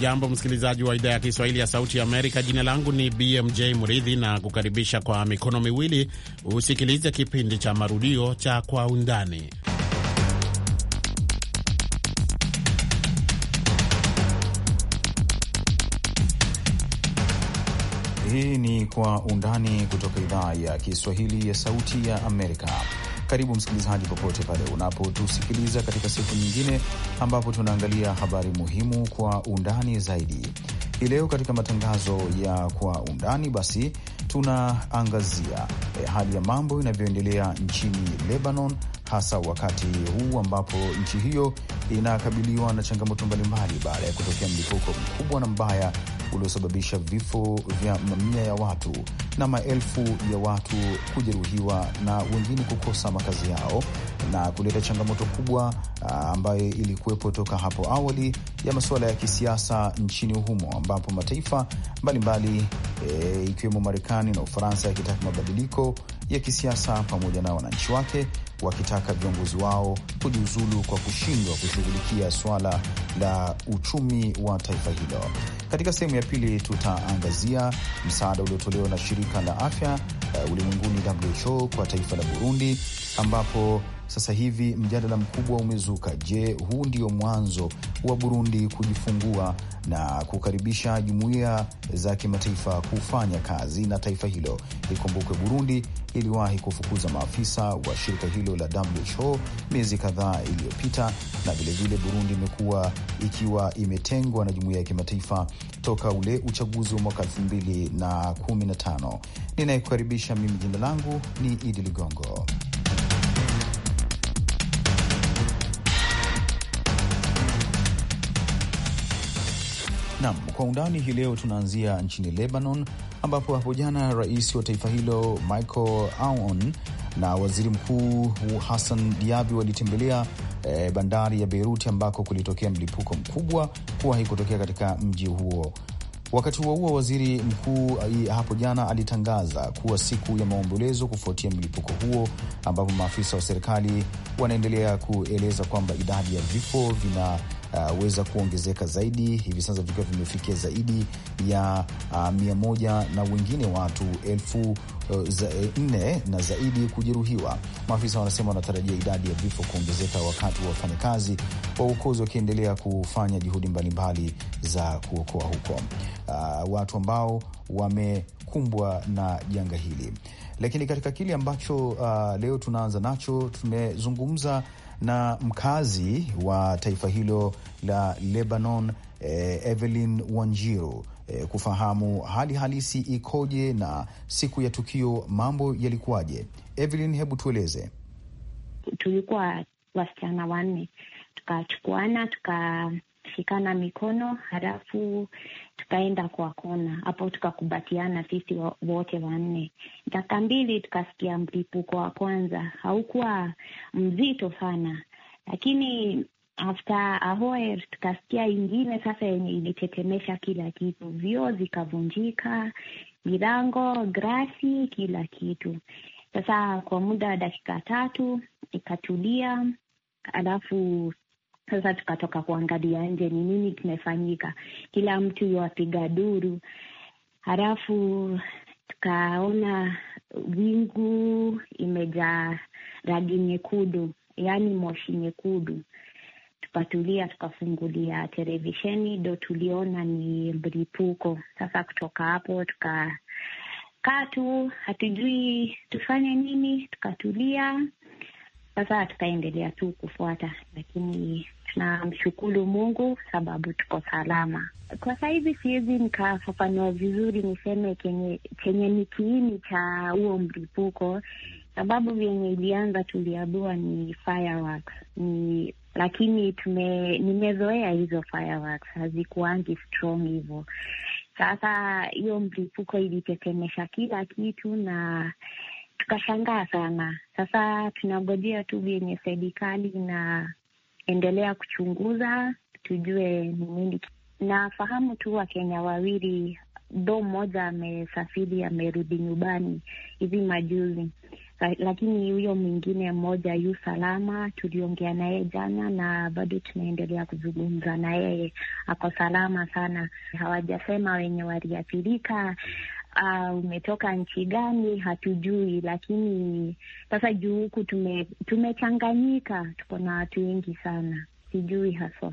Hujambo msikilizaji wa idhaa ya Kiswahili ya Sauti ya Amerika. Jina langu ni BMJ Mridhi na kukaribisha kwa mikono miwili usikilize kipindi cha marudio cha Kwa Undani. Hii ni Kwa Undani kutoka idhaa ya Kiswahili ya Sauti ya Amerika. Karibu msikilizaji, popote pale unapotusikiliza katika siku nyingine ambapo tunaangalia habari muhimu kwa undani zaidi. Hii leo katika matangazo ya kwa undani, basi tunaangazia eh, hali ya mambo inavyoendelea nchini Lebanon, hasa wakati huu ambapo nchi hiyo inakabiliwa na changamoto mbalimbali baada ya kutokea mlipuko mkubwa na mbaya uliosababisha vifo vya mamia ya watu na maelfu ya watu kujeruhiwa na wengine kukosa makazi yao na kuleta changamoto kubwa ah, ambayo ilikuwepo toka hapo awali ya masuala ya kisiasa nchini humo, ambapo mataifa mbalimbali e, ikiwemo Marekani na Ufaransa yakitaka mabadiliko ya kisiasa pamoja na wananchi wake wakitaka viongozi wao kujiuzulu kwa kushindwa kushughulikia suala la uchumi wa taifa hilo. Katika sehemu ya pili tutaangazia msaada uliotolewa na shirika la afya uh, ulimwenguni WHO kwa taifa la Burundi ambapo sasa hivi mjadala mkubwa umezuka. Je, huu ndio mwanzo wa Burundi kujifungua na kukaribisha jumuiya za kimataifa kufanya kazi na taifa hilo? Ikumbukwe Burundi iliwahi kufukuza maafisa wa shirika hilo la WHO miezi kadhaa iliyopita, na vilevile Burundi imekuwa ikiwa imetengwa na jumuiya ya kimataifa toka ule uchaguzi wa mwaka 2015. Ninayekukaribisha mimi, jina langu ni Idi Ligongo. Nam kwa undani hii leo tunaanzia nchini Lebanon, ambapo hapo jana rais wa taifa hilo Michael Aoun na waziri mkuu Hassan Diabi walitembelea eh, bandari ya Beiruti ambako kulitokea mlipuko mkubwa kuwahi kutokea katika mji huo. Wakati huo huo, waziri mkuu eh, hapo jana alitangaza kuwa siku ya maombolezo kufuatia mlipuko huo, ambapo maafisa wa serikali wanaendelea kueleza kwamba idadi ya vifo vina weza kuongezeka zaidi, hivi sasa vikiwa vimefikia zaidi ya uh, mia moja na wengine watu elfu eh, za, eh, nne na zaidi kujeruhiwa. Maafisa wanasema wanatarajia idadi ya vifo kuongezeka wakati wa wafanyakazi wa uokozi wakiendelea kufanya juhudi mbalimbali za kuokoa huko uh, watu ambao wamekumbwa na janga hili. Lakini katika kile ambacho uh, leo tunaanza nacho, tumezungumza na mkazi wa taifa hilo la Lebanon eh, Evelyn Wanjiru eh, kufahamu hali halisi ikoje na siku ya tukio mambo yalikuwaje. Evelyn, hebu tueleze. Tulikuwa wasichana wanne tukachukuana tukashikana mikono halafu tukaenda kwa kona hapo, tukakubatiana sisi wote wanne. Dakika mbili tukasikia mlipuko wa kwanza, haukuwa mzito sana, lakini after ahoer tukasikia ingine sasa, yenye ilitetemesha kila kitu, vioo zikavunjika, milango, grasi, kila kitu. Sasa kwa muda wa dakika tatu ikatulia, alafu sasa tukatoka kuangalia nje ni nini kimefanyika, kila mtu yuwapiga duru, halafu tukaona wingu imejaa rangi nyekundu, yaani moshi nyekundu. Tukatulia, tukafungulia televisheni, ndo tuliona ni mlipuko. Sasa kutoka hapo tukakaa tu, hatujui tufanye nini, tukatulia. Sasa tukaendelea tu kufuata, lakini tunamshukuru Mungu sababu tuko salama kwa sahizi hivi. Siwezi nikafafanua vizuri niseme chenye ni kiini cha huo mlipuko, sababu vyenye ilianza tuliambiwa ni fireworks, ni lakini tume- nimezoea hizo fireworks hazikuangi strong hivyo. Sasa hiyo mlipuko ilitetemesha kila kitu na tukashangaa sana. Sasa tunangojea tu vyenye serikali na endelea kuchunguza tujue ni nini. Nafahamu tu Wakenya wawili do, mmoja amesafiri amerudi nyumbani hivi majuzi, lakini huyo mwingine mmoja yu salama. Tuliongea naye jana na bado tunaendelea kuzungumza na yeye, ako salama sana. Hawajasema wenye waliathirika uh, umetoka nchi gani hatujui, lakini sasa juu huku tume, tumechanganyika, tuko na watu wengi sana, sijui haswa.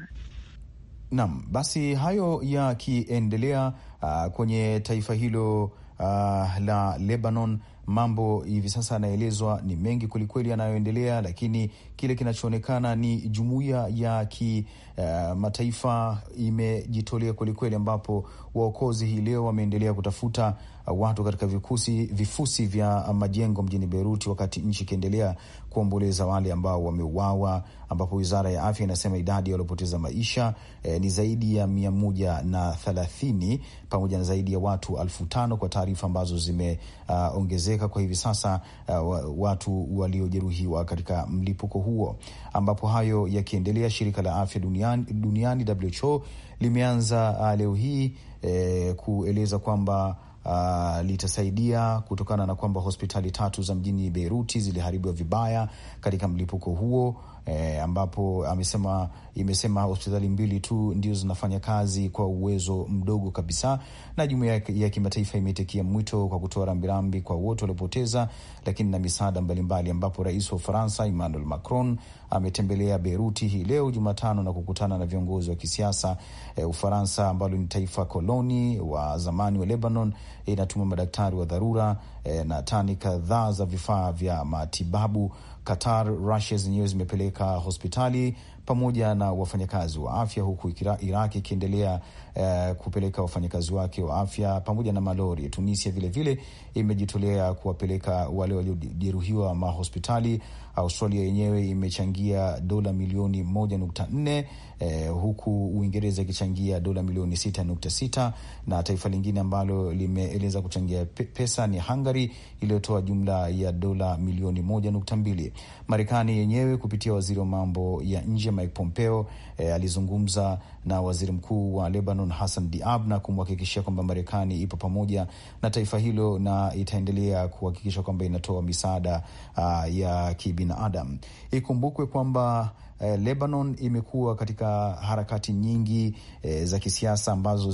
Naam, basi hayo yakiendelea uh, kwenye taifa hilo uh, la Lebanon Mambo hivi sasa yanaelezwa ni mengi kwelikweli yanayoendelea, lakini kile kinachoonekana ni jumuiya ya kimataifa eh, uh, imejitolea kwelikweli, ambapo waokozi hii leo wameendelea kutafuta Uh, watu katika vikusi, vifusi vya uh, majengo mjini beiruti wakati nchi ikiendelea kuomboleza wale ambao wameuawa, ambapo wizara ya afya inasema idadi waliopoteza maisha eh, ni zaidi ya mia moja na thelathini pamoja na zaidi ya watu alfu tano kwa taarifa ambazo zimeongezeka uh, kwa hivi sasa uh, watu waliojeruhiwa katika mlipuko huo. Ambapo hayo yakiendelea, shirika la afya duniani, duniani WHO limeanza uh, leo hii eh, kueleza kwamba uh, litasaidia kutokana na kwamba hospitali tatu za mjini Beiruti ziliharibiwa vibaya katika mlipuko huo e, ambapo amesema imesema hospitali mbili tu ndio zinafanya kazi kwa uwezo mdogo kabisa, na jumuiya ya kimataifa imeitikia mwito kwa kutoa rambirambi kwa wote waliopoteza, lakini na misaada mbalimbali, ambapo rais wa Ufaransa Emmanuel Macron ametembelea Beiruti hii leo Jumatano na kukutana na viongozi wa kisiasa e, Ufaransa ambalo ni taifa koloni wa zamani wa Lebanon inatuma e, madaktari wa dharura e, na tani kadhaa za vifaa vya matibabu Qatar, Russia zenyewe zimepeleka hospitali pamoja na wafanyakazi wa afya, huku iraq ikiendelea uh, kupeleka wafanyakazi wake wa afya pamoja na malori. Tunisia vilevile imejitolea kuwapeleka wale waliojeruhiwa mahospitali. Australia yenyewe imechangia dola milioni moja nukta nne eh, huku Uingereza ikichangia dola milioni 6.6 na taifa lingine ambalo limeeleza kuchangia pesa ni Hungary iliyotoa jumla ya dola milioni 1.2. Marekani yenyewe kupitia waziri wa mambo ya nje Mike Pompeo eh, alizungumza na waziri mkuu wa Lebanon Hassan Diab na kumhakikishia kwamba Marekani ipo pamoja na taifa hilo na itaendelea kuhakikisha kwamba inatoa misaada uh, ya kibinadamu. Ikumbukwe kwamba eh, Lebanon imekuwa katika harakati nyingi eh, za kisiasa ambazo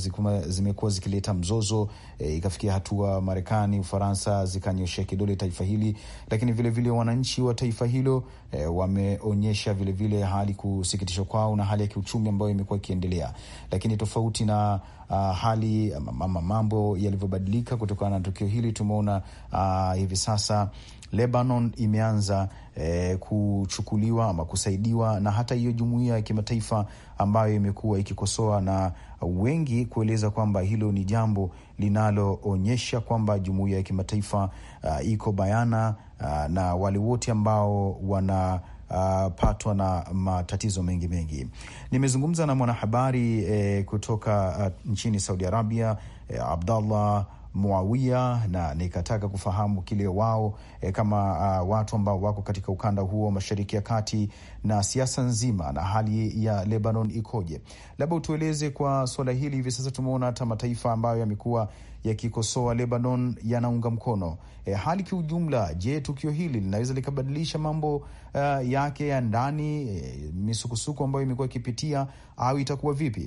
zimekuwa zikileta mzozo eh, ikafikia hatua Marekani, Ufaransa zikanyoshea kidole taifa hili, lakini vilevile wananchi wa taifa hilo eh, wameonyesha vilevile hali kusikitishwa kwao na hali ya kiuchumi ambayo imekuwa ikiendelea, lakini tofauti na Uh, hali mambo yalivyobadilika kutokana na tukio hili tumeona, uh, hivi sasa Lebanon imeanza e, kuchukuliwa ama kusaidiwa na hata hiyo jumuiya ya kimataifa ambayo imekuwa ikikosoa na wengi kueleza kwamba hilo ni jambo linaloonyesha kwamba jumuiya ya kimataifa uh, iko bayana uh, na wale wote ambao wana Uh, patwa na matatizo mengi mengi. Nimezungumza na mwanahabari eh, kutoka uh, nchini Saudi Arabia eh, Abdallah Muawia, na nikataka kufahamu kile wao e, kama a, ah, watu ambao wako katika ukanda huo Mashariki ya Kati na siasa nzima na hali ya Lebanon ikoje. Labda utueleze kwa suala hili. Hivi sasa tumeona hata mataifa ambayo yamekuwa yakikosoa Lebanon yanaunga mkono e, hali kiujumla. Je, tukio hili linaweza likabadilisha mambo uh, yake ya ndani e, misukusuku ambayo imekuwa ikipitia au itakuwa vipi?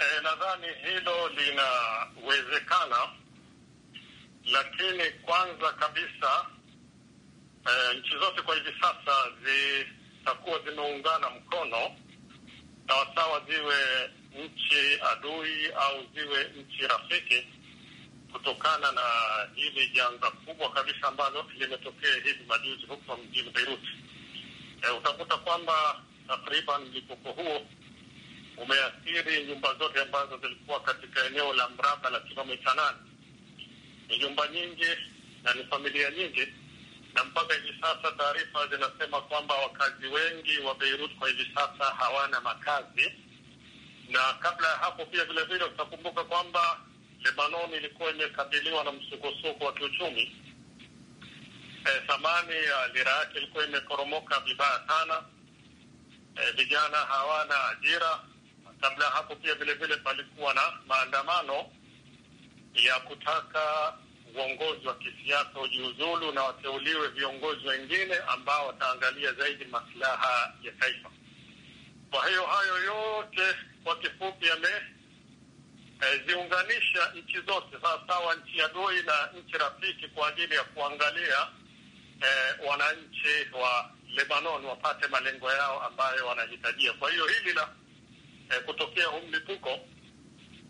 E, nadhani hilo linawezekana lakini kwanza kabisa e, nchi zote kwa hivi sasa zitakuwa zimeungana mkono sawasawa, ziwe nchi adui au ziwe nchi rafiki, kutokana na hili janga kubwa kabisa ambalo limetokea hivi majuzi huko mjini Beirut. E, utakuta kwamba takriban mlipuko huo umeathiri nyumba zote ambazo zilikuwa katika eneo la mraba la kilomita nane ni nyumba nyingi na ni familia nyingi, na mpaka hivi sasa taarifa zinasema kwamba wakazi wengi wa Beirut kwa hivi sasa hawana makazi. Na kabla ya hapo pia vilevile utakumbuka kwamba Lebanon ilikuwa imekabiliwa na msukosuko wa kiuchumi. E, thamani e, ya lira yake ilikuwa imekoromoka vibaya sana. E, vijana e, hawana ajira. Kabla ya hapo pia vilevile palikuwa na maandamano ya kutaka uongozi wa kisiasa ujiuzulu na wateuliwe viongozi wengine ambao wataangalia zaidi maslaha ya taifa. Kwa hiyo hayo yote kwa kifupi yameziunganisha eh, e, nchi zote sawasawa, nchi ya dui na nchi rafiki kwa ajili ya kuangalia e, wananchi wa Lebanon wapate malengo yao ambayo wanahitajia. Kwa hiyo hili la e, kutokea huu mlipuko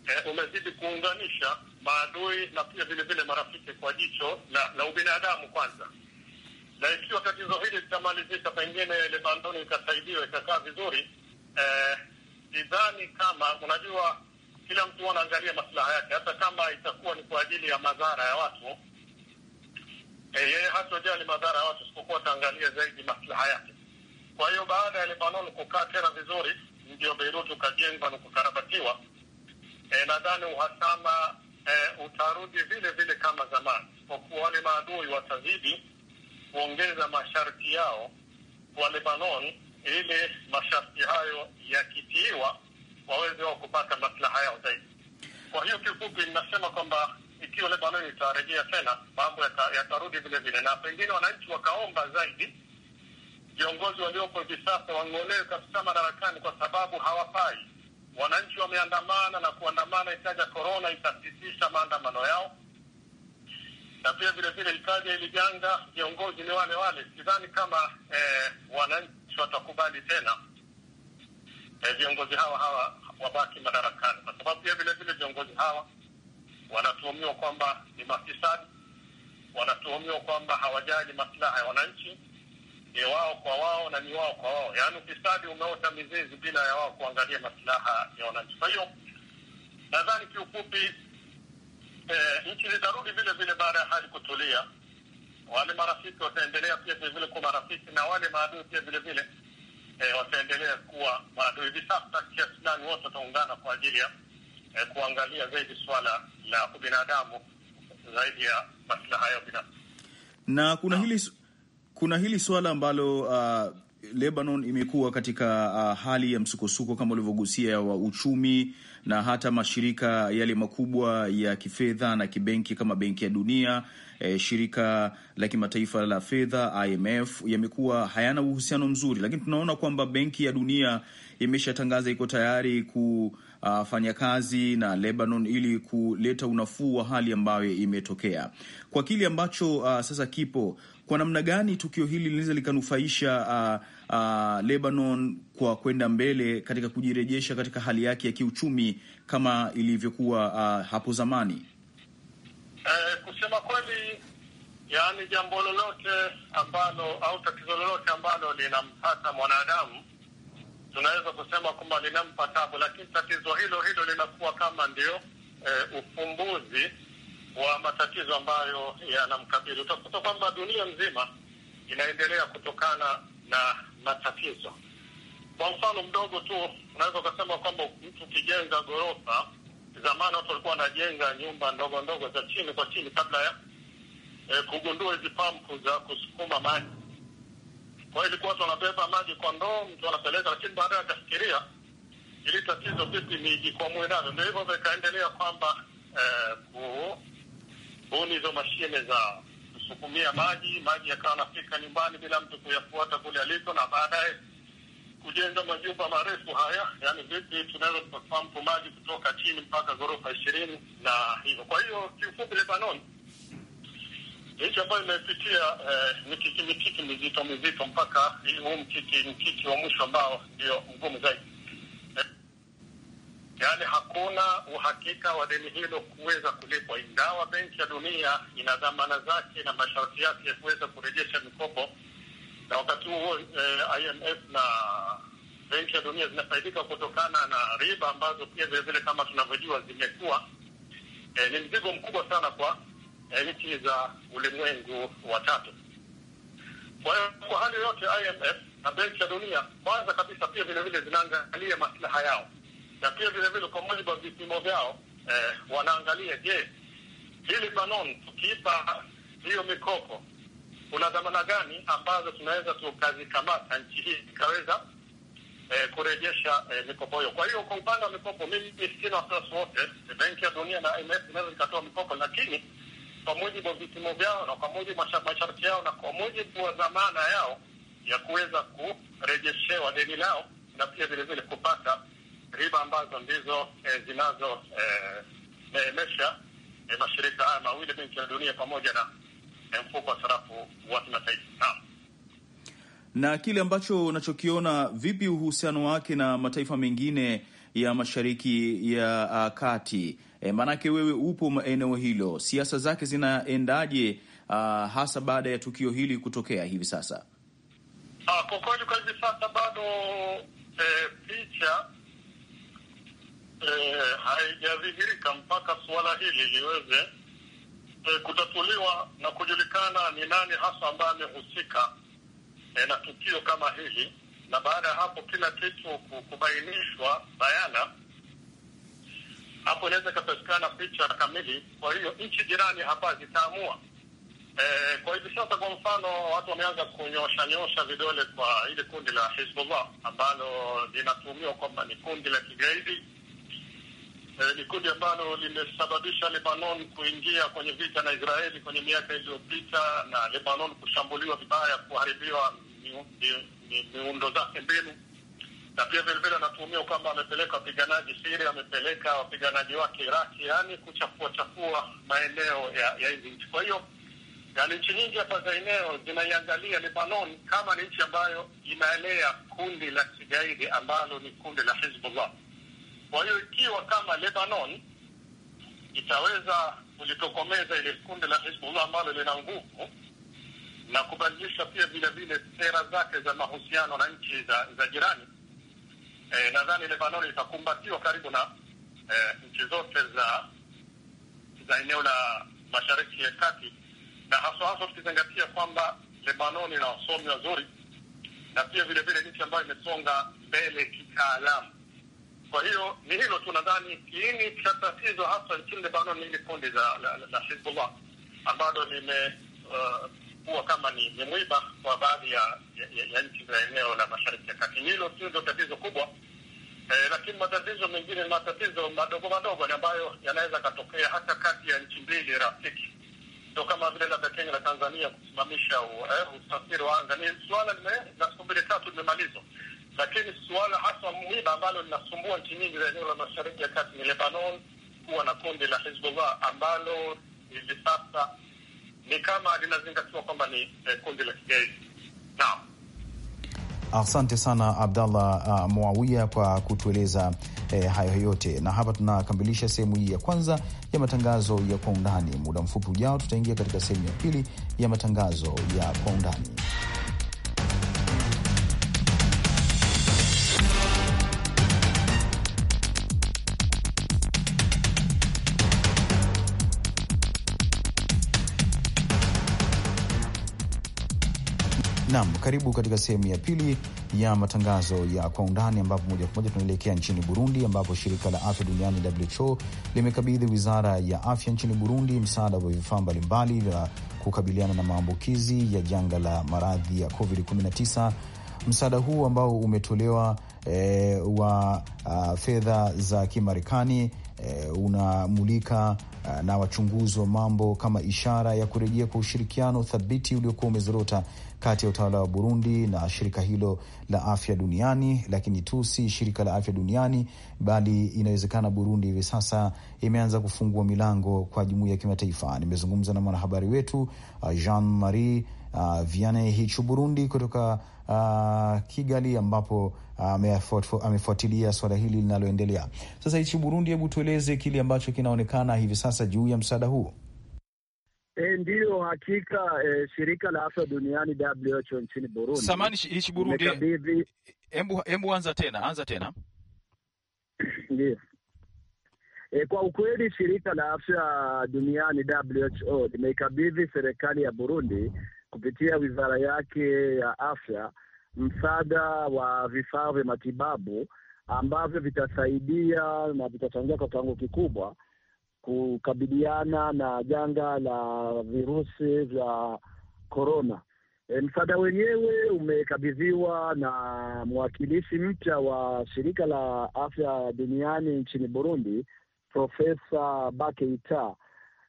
e, umezidi kuunganisha maadui na pia vile vile marafiki kwa jicho na, na ubinadamu kwanza, na ikiwa tatizo hili litamalizika, pengine Lebanoni ikasaidiwa ikakaa vizuri eh, idhani kama unajua, kila mtu anaangalia maslaha yake, hata kama itakuwa ni kwa ajili ya madhara ya watu eh, yeye hatojali madhara ya watu, isipokuwa ataangalia zaidi maslaha yake. Kwa hiyo baada ya Lebanon kukaa tena vizuri, ndio Beirut ukajengwa na kukarabatiwa. E, nadhani uhasama eh, utarudi vile vile kama zamani, isipokuwa wale maadui watazidi kuongeza masharti yao kwa Lebanon, ili masharti hayo yakitiiwa waweze wao kupata maslaha yao zaidi. Kwa hiyo kifupi, ninasema kwamba ikiwa Lebanon itarejea tena, mambo yatarudi vile vile, na pengine wananchi wakaomba zaidi viongozi walioko hivi sasa wang'olewe kabisa madarakani, kwa sababu hawapai Wananchi wameandamana na kuandamana, itaja korona itasitisha maandamano yao, na pia vilevile ikaja ili janga, viongozi ni wale wale. Sidhani kama eh, wananchi watakubali tena eh, viongozi hawa hawa wabaki madarakani, kwa sababu pia vilevile viongozi hawa wanatuhumiwa kwamba ni mafisadi, wanatuhumiwa kwamba hawajali maslaha ya wananchi ni wao kwa wao na ni wao kwa wao, yaani ufisadi umeota mizizi bila ya wao kuangalia masilaha ya wananchi. Kwa hiyo nadhani kiufupi, eh, nchi zitarudi vile vile baada ya hali kutulia. Wale marafiki wataendelea pia vile vile kuwa marafiki na wale maadui pia vile vile eh, wataendelea kuwa maadui. Hivi sasa kiasi gani wote wataungana kwa ajili ya eh, kuangalia zaidi swala la ubinadamu zaidi ya masilaha yao binafsi na kuna hili kuna hili suala ambalo uh, Lebanon imekuwa katika uh, hali ya msukosuko kama ulivyogusia wa uchumi na hata mashirika yale makubwa ya kifedha na kibenki kama Benki ya Dunia, eh, shirika la kimataifa la fedha IMF yamekuwa hayana uhusiano mzuri, lakini tunaona kwamba Benki ya Dunia imeshatangaza iko tayari ku wafanyakazi uh, na Lebanon ili kuleta unafuu wa hali ambayo imetokea kwa kile ambacho uh, sasa kipo. Kwa namna gani tukio hili linaweza likanufaisha uh, uh, Lebanon kwa kwenda mbele katika kujirejesha katika hali yake ya kiuchumi kama ilivyokuwa uh, hapo zamani? Eh, kusema kweli, yaani jambo lolote ambalo au tatizo lolote ambalo linampata mwanadamu tunaweza kusema kwamba linampa tabu, lakini tatizo hilo hilo linakuwa kama ndio e, ufumbuzi wa matatizo ambayo yanamkabili. Utakuta kwamba dunia nzima inaendelea kutokana na matatizo. Kwa mfano mdogo tu, unaweza ukasema kwamba mtu ukijenga ghorofa, zamani watu walikuwa wanajenga nyumba ndogo ndogo za chini kwa chini kabla ya e, kugundua hizi pampu za kusukuma maji kwa hiyo ilikuwa tunabeba maji kwa ndoo, mtu anapeleka, lakini baadaye akafikiria ili tatizo vipi nijikwamue navyo. Ndio hivyo vikaendelea kwamba eh, kubuni hizo mashine za kusukumia maji, maji yakawa nafika nyumbani bila mtu kuyafuata kule aliko, na baadaye kujenga majumba marefu haya, yani vipi tunaweza tukapampu maji kutoka chini mpaka ghorofa ishirini na hivyo. Kwa hiyo kiufupi, Lebanon nchi ambayo imepitia eh, mikiki mikiki mizito mizito mpaka huu mkiki mkiki wa mwisho ambao ndio mgumu zaidi eh, yaani hakuna uhakika wa deni hilo kuweza kulipwa, ingawa Benki ya Dunia ina dhamana zake na masharti yake ya kuweza kurejesha mikopo, na wakati huo eh, IMF na Benki ya Dunia zinafaidika kutokana na riba ambazo pia vilevile kama tunavyojua zimekuwa eh, ni mzigo mkubwa sana kwa nchi za ulimwengu wa tatu. Kwa hiyo kwa hali yoyote, IMF na Benki ya Dunia kwanza kabisa pia vilevile zinaangalia maslaha yao, na pia vilevile kwa mujibu wa vipimo vyao eh, wanaangalia je, hili banon tukiipa hiyo mikopo kuna dhamana gani ambazo tunaweza tukazikamata nchi hii ikaweza eh, kurejesha eh, mikopo hiyo. Kwa hiyo kwa upande wa mikopo, mimi sina wasiwasi wote. Benki ya Dunia na IMF inaweza ikatoa mikopo, lakini kwa mujibu wa vipimo vyao na kwa mujibu wa masharti yao na kwa mujibu wa dhamana yao ya kuweza kurejeshewa deni lao na pia vilevile kupata riba ambazo ndizo eh, zinazomeemesha eh, eh, mashirika haya mawili, Benki ya Dunia pamoja na eh, mfuko wa sarafu wa kimataifa na, na kile ambacho unachokiona vipi uhusiano wake na mataifa mengine ya mashariki ya uh, kati E, maanake wewe upo eneo hilo, siasa zake zinaendaje? Uh, hasa baada ya tukio hili kutokea hivi sasa. Ah, kwa kweli kwa hivi sasa bado e, picha e, haijadhihirika mpaka suala hili liweze e, kutatuliwa na kujulikana ni nani hasa ambaye amehusika e, na tukio kama hili, na baada ya hapo kila kitu kubainishwa bayana hapo inaweza ikapatikana picha kamili. Kwa hiyo nchi jirani hapa zitaamua e. Kwa hivi sasa, kwa mfano, watu wameanza kunyosha nyosha vidole kwa ile kundi la Hizbullah ambalo linatuhumiwa kwamba ni kundi la kigaidi eh, ni kundi ambalo limesababisha Lebanon kuingia kwenye vita na Israeli kwenye miaka iliyopita na Lebanon kushambuliwa vibaya, kuharibiwa miundo zake mbinu na pia vilevile anatuhumiwa kwamba amepeleka wapiganaji Siria, amepeleka wapiganaji wake Iraki, yaani kuchafua chafua maeneo ya hizi nchi. Kwa hiyo yaani nchi nyingi hapa za eneo zinaiangalia Lebanon kama ni nchi ambayo inaelea kundi la kigaidi ambalo ni kundi la Hizbullah. Kwa hiyo ikiwa kama Lebanon itaweza kulitokomeza ile kundi la Hizbullah ambalo lina nguvu na kubadilisha pia vilevile sera zake za mahusiano na nchi za, za jirani e, nadhani Lebanon itakumbatiwa karibu na e, nchi zote za za eneo la Mashariki ya Kati, na haswa haswa tukizingatia kwamba Lebanon ina wasomi wazuri na pia vile vile nchi ambayo imesonga mbele kitaalamu. Kwa hiyo ni hilo tu, nadhani kiini cha tatizo hasa nchini Lebanon ni ile kundi la Hizbullah ambalo lime uh, kuwa kama ni, ni mwiba kwa baadhi ya, ya, ya nchi za eneo la Mashariki ya Kati. Hilo tu ndio tatizo kubwa eh, lakini matatizo mengine ni matatizo madogo madogo ambayo yanaweza katokea hata kati ya nchi mbili rafiki, ndio kama vile labda Kenya na Tanzania kusimamisha eh, usafiri wa anga. Ni suala la siku mbili tatu limemalizwa, lakini suala hasa mwiba ambalo linasumbua nchi nyingi za eneo la Mashariki ya Kati ni Lebanon kuwa na kundi la Hezbollah ambalo hivi sasa ni kama linazingatiwa kwamba ni eh, kundi la kigaidi. Naam, asante sana Abdallah uh, Mwawia kwa kutueleza eh, hayo yote, na hapa tunakamilisha sehemu hii ya kwanza ya matangazo ya kwa undani. Muda mfupi ujao, tutaingia katika sehemu ya pili ya matangazo ya kwa undani. Karibu katika sehemu ya pili ya matangazo ya kwa undani, ambapo moja kwa moja tunaelekea nchini Burundi, ambapo shirika la afya duniani WHO limekabidhi wizara ya afya nchini Burundi msaada wa vifaa mbalimbali vya kukabiliana na maambukizi ya janga la maradhi ya COVID-19. Msaada huu ambao umetolewa e, wa fedha za Kimarekani e, unamulika na wachunguzi wa mambo kama ishara ya kurejea kwa ushirikiano thabiti uliokuwa umezorota kati ya utawala wa Burundi na shirika hilo la afya duniani, lakini tu si shirika la afya duniani, bali inawezekana Burundi hivi sasa imeanza kufungua milango kwa jumuiya ya kimataifa. Nimezungumza na mwanahabari wetu Jean Marie uh, Vianney Hichu Burundi kutoka uh, Kigali ambapo amefuatilia suala hili linaloendelea sasa. Hichi Burundi, hebu tueleze kile ambacho kinaonekana hivi sasa juu ya msaada huo E, ndiyo hakika. E, shirika la afya duniani WHO nchini Burundi, samani Burundi, hebu anza tena, anza tena ndiyo. E, kwa ukweli shirika la afya duniani WHO limeikabidhi serikali ya Burundi kupitia wizara yake ya afya msaada wa vifaa vya matibabu ambavyo vitasaidia na vitachangia kwa kiwango kikubwa kukabiliana na janga la virusi vya korona. E, msaada wenyewe umekabidhiwa na mwakilishi mpya wa shirika la afya duniani nchini Burundi, Profesa Bakeita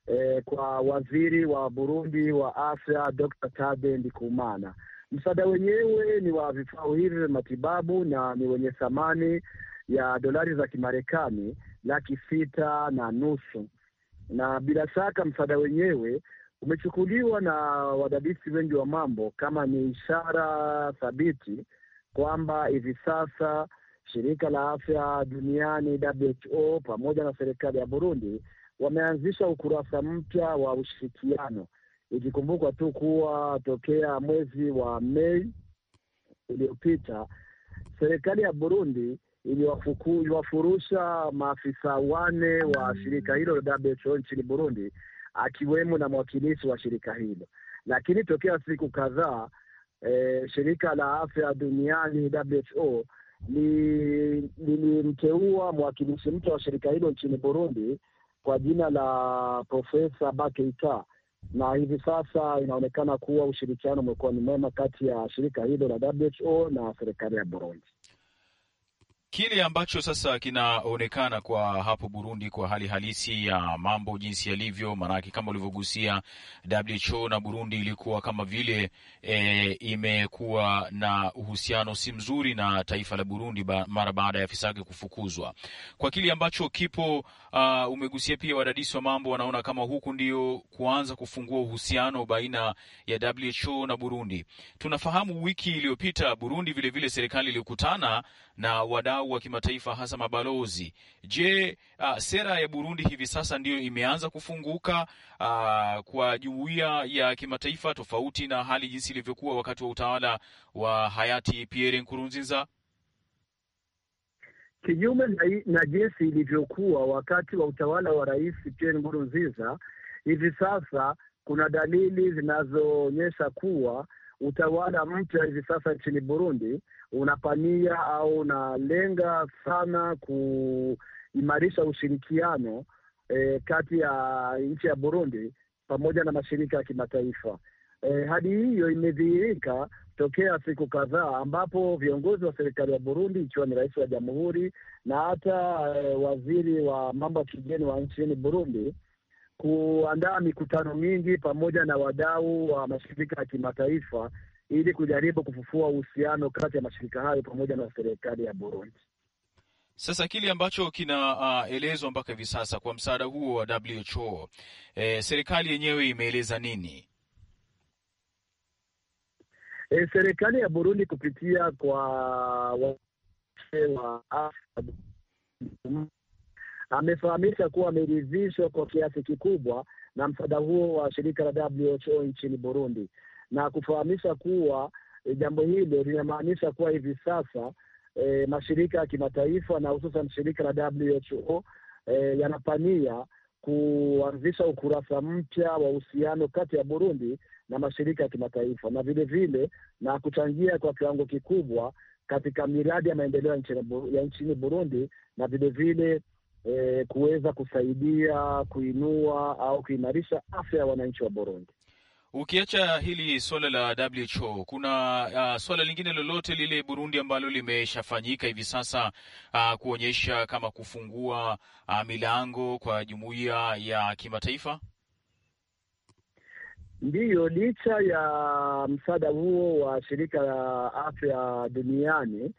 e, kwa waziri wa Burundi wa afya Dr. Tade Ndikumana. Msaada wenyewe ni wa vifaa hivi vya matibabu na ni wenye thamani ya dolari za Kimarekani laki sita na nusu, na bila shaka msaada wenyewe umechukuliwa na wadadisi wengi wa mambo kama ni ishara thabiti kwamba hivi sasa shirika la afya duniani WHO pamoja na serikali ya Burundi wameanzisha ukurasa mpya wa ushirikiano ikikumbukwa tu kuwa tokea mwezi wa Mei uliopita serikali ya Burundi iliwafurusha maafisa wane wa shirika hilo la WHO nchini Burundi, akiwemo na mwakilishi wa shirika hilo. Lakini tokea siku kadhaa e, shirika la afya duniani WHO lilimteua li, mwakilishi mpya wa shirika hilo nchini Burundi kwa jina la Profesa Bakeita na hivi sasa inaonekana kuwa ushirikiano umekuwa ni mwema kati ya shirika hilo la WHO na serikali ya Burundi. Kile ambacho sasa kinaonekana kwa hapo Burundi kwa hali halisi ya mambo jinsi yalivyo, maanake kama ulivyogusia, WHO na Burundi ilikuwa kama vile e, imekuwa na uhusiano si mzuri na taifa la Burundi ba, mara baada ya afisa wake kufukuzwa. Kwa kile ambacho kipo, uh, umegusia pia, wadadisi wa mambo wanaona kama huku ndio kuanza kufungua uhusiano baina ya WHO na Burundi. Tunafahamu wiki iliyopita Burundi vilevile serikali ilikutana na wadau wa kimataifa hasa mabalozi. Je, uh, sera ya Burundi hivi sasa ndiyo imeanza kufunguka uh, kwa jumuiya ya kimataifa tofauti na hali jinsi ilivyokuwa wakati wa utawala wa hayati Pierre Nkurunziza? Kinyume na jinsi ilivyokuwa wakati wa utawala wa Rais Pierre Nkurunziza, hivi sasa kuna dalili zinazoonyesha kuwa utawala mpya hivi sasa nchini Burundi unapania au unalenga sana kuimarisha ushirikiano e, kati ya nchi ya Burundi pamoja na mashirika ya kimataifa. E, hadi hiyo imedhihirika tokea siku kadhaa ambapo viongozi wa serikali ya Burundi ikiwa ni rais wa jamhuri na hata e, waziri wa mambo ya kigeni wa nchini Burundi kuandaa mikutano mingi pamoja na wadau wa mashirika ya kimataifa ili kujaribu kufufua uhusiano kati ya mashirika hayo pamoja na serikali ya Burundi. Sasa kile ambacho kinaelezwa ah, uh, mpaka hivi sasa kwa msaada huo wa WHO, e, eh, serikali yenyewe imeeleza nini? E, serikali ya Burundi kupitia kwa wa afya amefahamisha kuwa ameridhishwa kwa kiasi kikubwa na msaada huo wa shirika la WHO nchini Burundi na kufahamisha kuwa e, jambo hilo linamaanisha kuwa hivi sasa e, mashirika ya kimataifa na hususan shirika la WHO e, eh, yanapania kuanzisha ukurasa mpya wa uhusiano kati ya Burundi na mashirika ya kimataifa na vilevile vile, na kuchangia kwa kiwango kikubwa katika miradi ya maendeleo ya nchini Burundi na vilevile e, kuweza kusaidia kuinua au kuimarisha afya ya wananchi wa Burundi. Ukiacha hili swala la WHO kuna uh, swala lingine lolote lile Burundi ambalo limeshafanyika hivi sasa uh, kuonyesha kama kufungua uh, milango kwa jumuiya ya kimataifa? Ndiyo, licha ya msaada huo wa shirika la afya duniani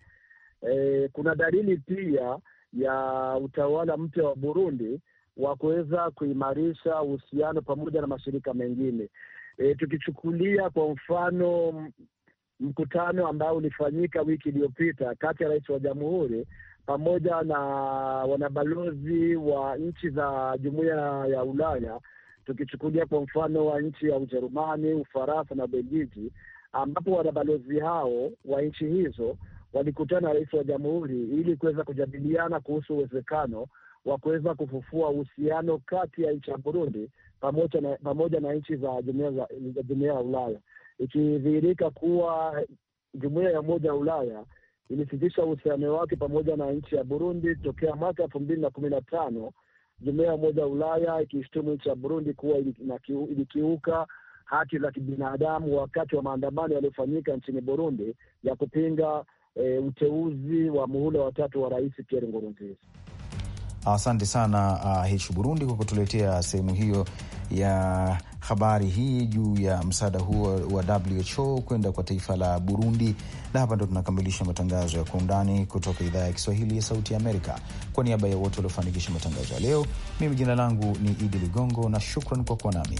e, kuna dalili pia ya utawala mpya wa Burundi wa kuweza kuimarisha uhusiano pamoja na mashirika mengine E, tukichukulia kwa mfano mkutano ambao ulifanyika wiki iliyopita kati ya rais wa jamhuri pamoja na wanabalozi wa nchi za jumuiya ya Ulaya, tukichukulia kwa mfano wa nchi ya Ujerumani, Ufaransa na Ubelgiji, ambapo wanabalozi hao wa nchi hizo walikutana na rais wa jamhuri ili kuweza kujadiliana kuhusu uwezekano wa kuweza kufufua uhusiano kati ya nchi ya Burundi pamoja na, pamoja na nchi za jumuia ya Ulaya, ikidhihirika kuwa jumuia ya Umoja wa Ulaya ilisitisha uhusiano wake pamoja na nchi ya Burundi tokea mwaka elfu mbili na kumi na tano, jumuia ya Umoja wa Ulaya ikishtumu nchi ya Burundi kuwa ilikiuka haki za kibinadamu wakati wa maandamano yaliyofanyika nchini Burundi ya kupinga e, uteuzi wa muhula watatu wa Rais Pierre Nkurunziza. Asante sana uh, H Burundi kwa kutuletea sehemu hiyo ya habari hii juu ya msaada huo wa WHO kwenda kwa taifa la Burundi. Na hapa ndo tunakamilisha matangazo ya Kwa Undani kutoka idhaa ya Kiswahili ya Sauti ya Amerika. Kwa niaba ya wote waliofanikisha matangazo ya leo, mimi jina langu ni Idi Ligongo na shukran kwa kuwa nami.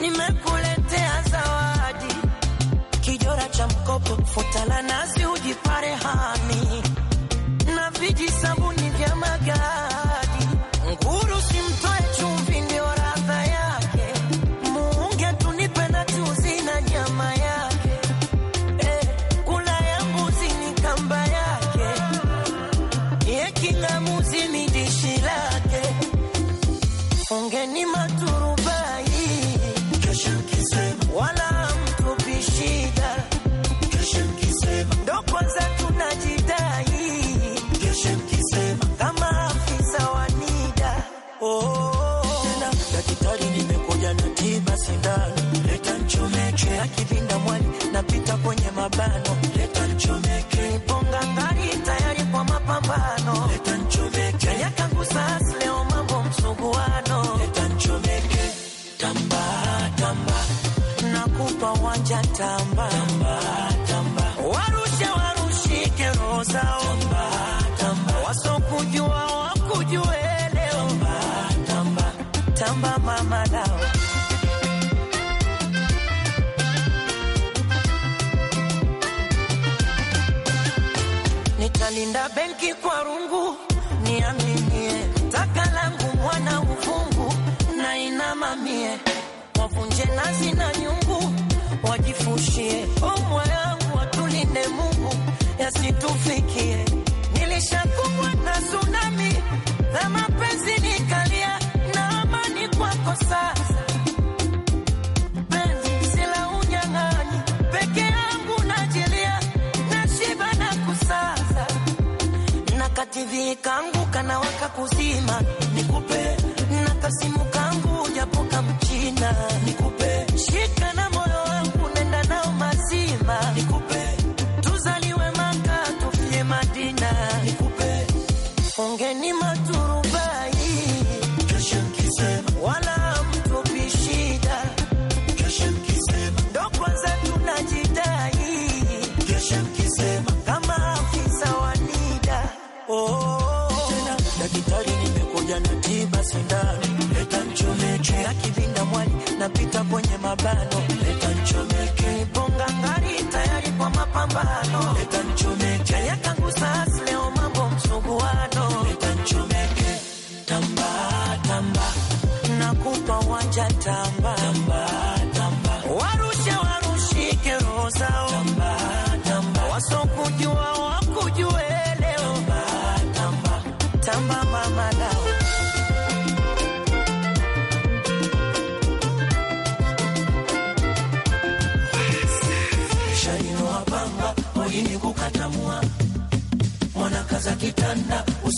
nimekuletea zawadi, kijora cha mkopo, futala la nazi, ujipare na viji sabuni vya magari unje nazi na nyungu, wajifushie omo oh, yangu, watulinde Mungu yasitufikie. Nilishakumbwa na tsunami na mapenzi nikalia, na amani kwako sasa TV kangu kana waka kuzima nikupe na kasimu kangu japo kama sana nikupe shika na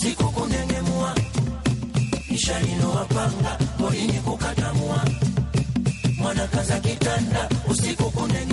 usiku kunengemua, isha lilowapanga porini kukatamua, mwana kaza kitanda usiku kunengemua